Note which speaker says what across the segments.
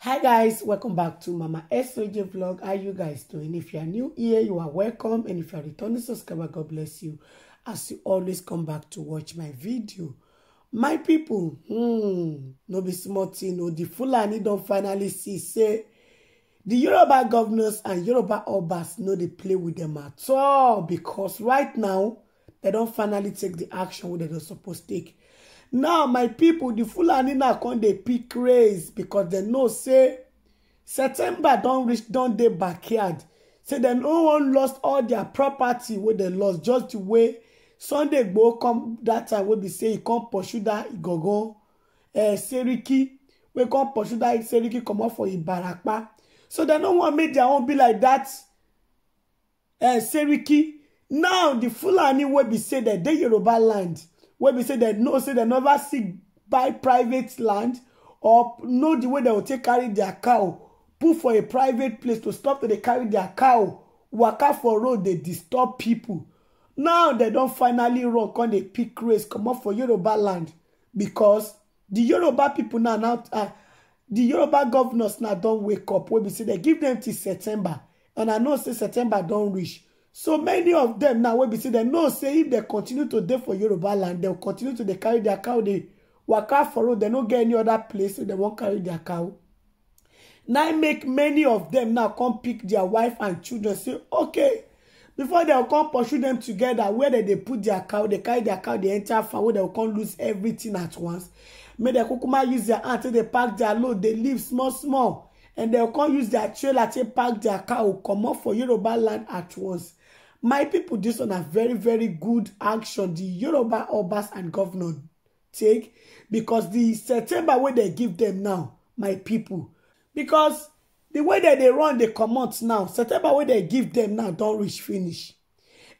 Speaker 1: hi guys welcome back to mama soj vlog how you guys doing if you are new here you are welcome and if you are returning subscriber god bless you as you always come back to watch my video my people hmm no be small thing o the fulani don't finally see say the yoruba governors and yoruba obas know they play with them at all because right now they don't finally take the action wey dem don suppose take now my pipo di fulani now come they pick race because they know say september don't reach don't dey backyard say then no one lost all their property where they lost just the way sunday go come that time wey be say e come pursue that go go igogo seriki wey come pursue that seriki come up for ibarapa so dem no one made their own be like that dat eh, seriki now di fulani wey be say dem dey yoruba land wey be say dem know say dem never see buy private land or know the way dem go take carry their cow put for a private place to stop to dey carry their cow waka for road dey disturb people. now dem don finally run come dey pick race comot for yoruba land because di yoruba pipo now now di ah, yoruba governors now don wake up wey be say dem give dem till september and i know say september don reach so many of them now wey be say dem know say if they continue to dey for yoruba land they'll continue to dey carry their cow They walk out for road they no get any other place so they won't carry their cow na make many of them now come pick their wife and children say okay before they'll come pursue them together where dem they put their cow They carry their cow dey enter farm wey dem come lose everything at once make dem kukuma use their hand They pack their load They leave small small and they'll come use their trailer take pack their cow Come up for yoruba land at once My people, this one a very, very good action the Yoruba Obas and governor take because the September wey they give them now, my people, because the way that they run the commands now, September wey they give them now don't reach finish.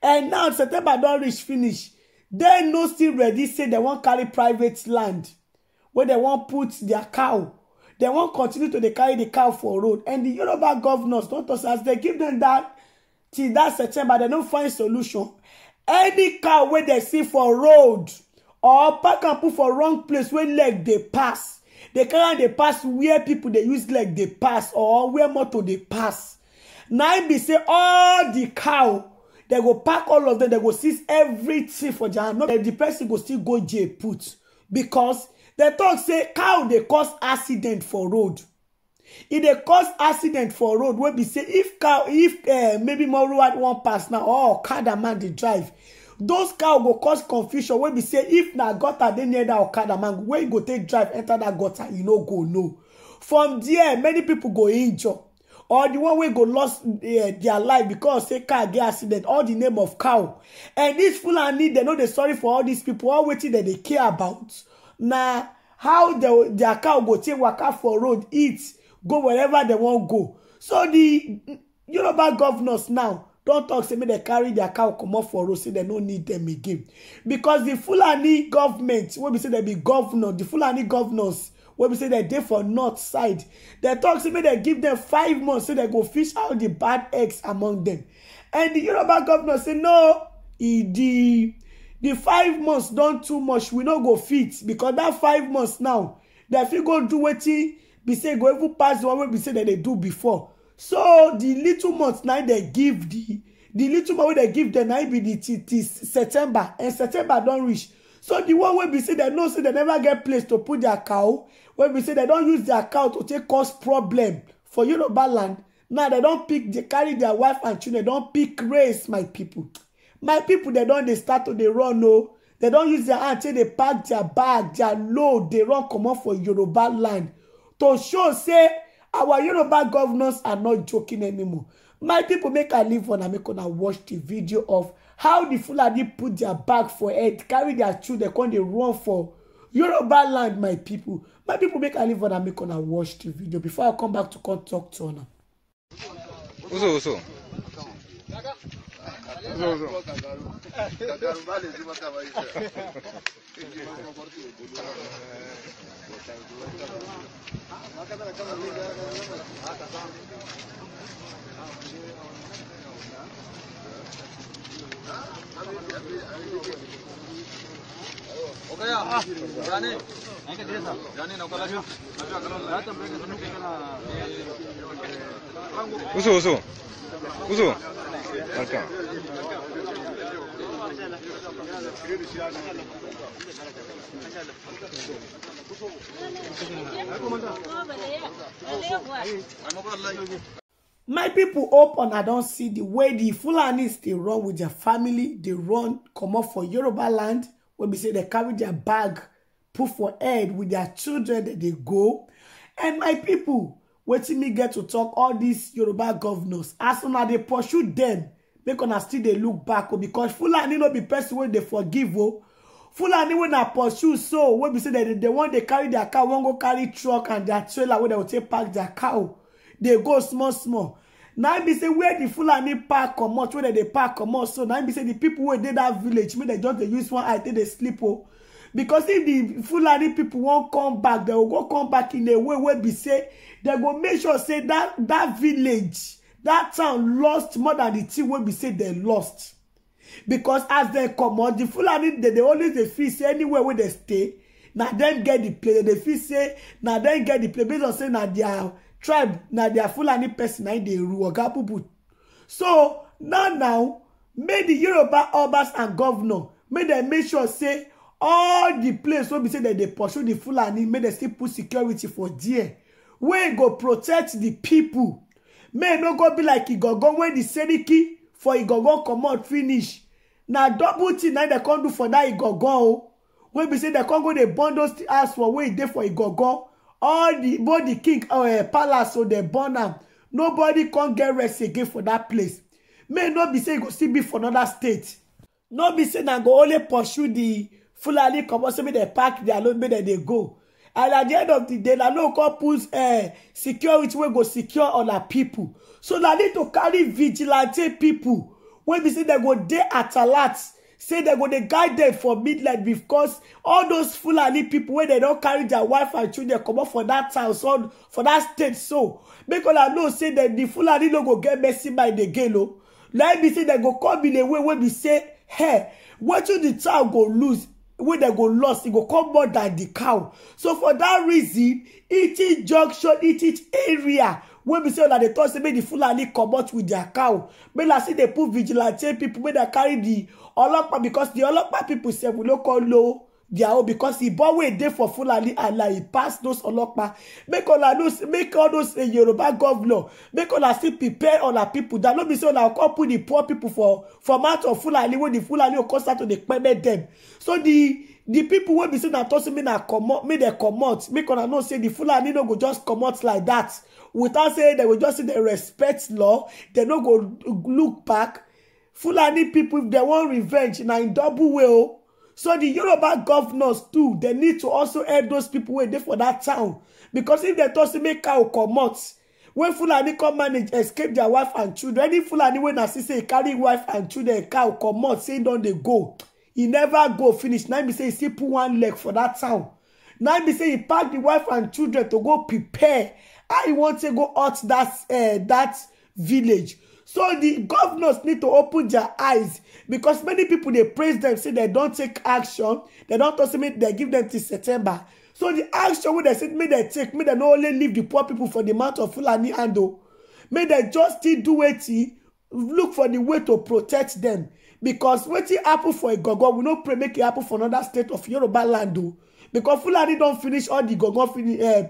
Speaker 1: And now September don't reach finish. They no still ready say they won't carry private land where they won't put their cow they won't continue to dey carry the cow for road and the yoruba governors don't us, as dem give them that till dat september they don't find solution any car where they see for road or park and put for wrong place where leg they pass they can't. They pass where people they use leg they pass or where motor they pass Now im be say all the cow they go pack all of them, they go seize everything for jahannam no the person go still go jail put because they talk say cow they cause accident for road e dey cause accident for road wey be say if cow if eh, maybe more road wan pass now or oh, okada man dey drive those cow go cause confusion wey be say if na gutter dey near that okada man wey go take drive enter that gutter you e no go know from there many people go injure or the one wey go lost eh, their life because say car get accident all the name of cow and dis fulani dem no dey sorry for all these people. all wetin dem dey care about na how the their cow go take waka for road eat go wherever they wan go so the yoruba governors now don talk say make dem carry their cow comot for road say dem no need dem again Because the fulani government wey be say dem be governor the fulani governors wey be say dem dey for north side dem talk say make dem give dem five months say dem go fish out the bad eggs among dem and the yoruba governor say no e the di five months don too much we no go fit because that five months now dem fit go do wetin be say go even pass the one wey be say dem dey do before so the little month na dem give the the little month wey dem give dem na be the till till september and eh, september don reach so the one wey be say dem know say dem never get place to put their cow wey be say dem don use their cow to take cause problem for yoruba land now dem don pick dey carry their wife and children don pick race my people my people dem don dey start to dey run o oh. dem don use their hand take dey pack their bag their load dey run comot for yoruba land to show say our yoruba governors are not joking anymore my people make i leave on make una watch the video of how the fulani put their bag for head carry their children come dey run for yoruba land my people, my people make i leave on make una watch the video before i come back to come talk to una OK 呀，来人，来个先生，my people, open! i don't see the way the fulanis dey run with their family They run come up for yoruba land When we say they carry their bag put for head with their children dem dey go and my people, wetin me get to talk all these yoruba governors as soon as they pursue them make una still they look back oh, because fulani no be person wey they forgive oh. fulani when I pursue so when we say that they want they carry their cow one go carry truck and their trailer where they go take park their cow oh. they go small small Now be say where the fulani park or much? where they park or much? so now be say the people wey dey that village make they just they use one eye take dey sleep oh. because if the fulani people won't come back they will go come back in a way where we say they go make sure say that that village that town lost more than the thing wey be say they lost because as dem comot the fulani dey always dey feel say anywhere wey dem stay na dem get the play dem dey feel say na dem get the play based on say na their tribe na their fulani person na im dey rule oga pupu so now now may the yoruba obas and governor may dem make sure say all the place wey be say dem dey pursue di fulani make dem still put security for there wey go protect the people may no go be like igogon wey di seriki for igogon comot finish na double tin na dem con do for dat igogon o wey be say dem con go dey burn those house for wey e dey for igogon all di both di king eh, palace so dem burn am nobody con get rest again for dat place may no be say e go still be for anoda state no be say na go only pursue di fulani comot say make dem pack dia load make dem dey go and at the end of the day na no come put eh, security wey go secure on our pipo so na need to carry vigilante pipo wey be say dem go dey at alert say dem go dey guide dem for midnight because all those fulani pipo wey dem don carry their wife and children comot for dat town so for dat state so make una know say dem di fulani no go get mercy mind again o let me say dem go come in a way wey be say hey wetin di town go lose wey dem go lost e go come more than di cow so for that reason e each junction e each area wey be say una dey talk say make the fulani comot with their cow make na still dey put vigilante people, make dem carry di olopa because di olopa people sef we no come know their own because the boy wey dey for fulani and e pass those olopa make una make all those eh, yoruba govnor make una still prepare una pipo dat no be say una come put the poor people for for mouth of fulani wey the fulani go come start to dey kpeme dem so the the people wey be say na tosi make dem comot make una know say the fulani no go just comot like that without say dem go just say dem respect law dem no go look back fulani people if dem wan revenge na in double way o oh. So the Yoruba governors too, they need to also help those people wey dey for that town. Because if they talk say make cow comot, when Fulani come manage, escape their wife and children. Any Fulani when I see say carry wife and children, cow comot, say don't they go. He never go finish. Now he say he still put one leg for that town. Now he say he pack the wife and children to go prepare. I want to go out that uh, that village so the governors need to open their eyes because many people they praise them, say they don't take action they don't tok say make dem give them till september so the action wey they say may they take may they not only leave the poor people for the mouth of fulani handle oh. may they just still do wetin look for the way to protect dem becos wetin happen for a Gogo, we no pray make it happen for another state of yoruba land o oh. becos fulani don finish all the gogon eh,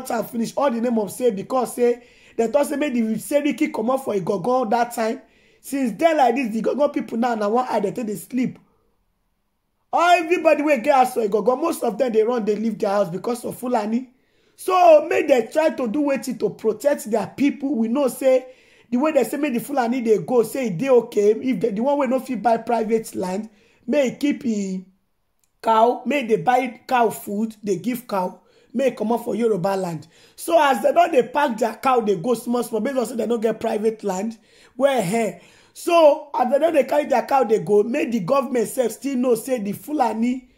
Speaker 1: eh, time finish all the name of say because say They tok say make di seriki comot for a igogon that time since then, like this, the igogon people now now one eye dem take dey sleep everybody wey get house for a igogon most of them they run they leave their house because of fulani so may they try to do wetin to protect their people. we know say the way they say may the fulani they go say they okay if the one wey no fit buy private land May keep a e cow May they buy cow food They give cow make comot for yoruba land so as they don they pack their cow they go small small based They don't get private land Where hey. Eh? so as they don they carry their cow they go May the government sef still know say the fulani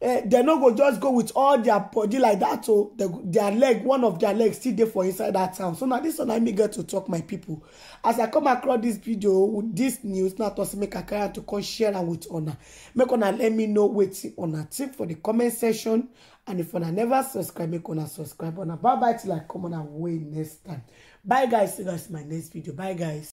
Speaker 1: eh, They not go just go with all their body like dat o oh. their leg one of their legs, still there for inside that town so now this one i may get to talk my people. as i come across this video with this news not to make a carry to come share am with una make una let me know wetin una tip for the comment section and if una never subscribe make una subscribe una bye bye till i come on away next time bye guys see you guys in my next video bye guys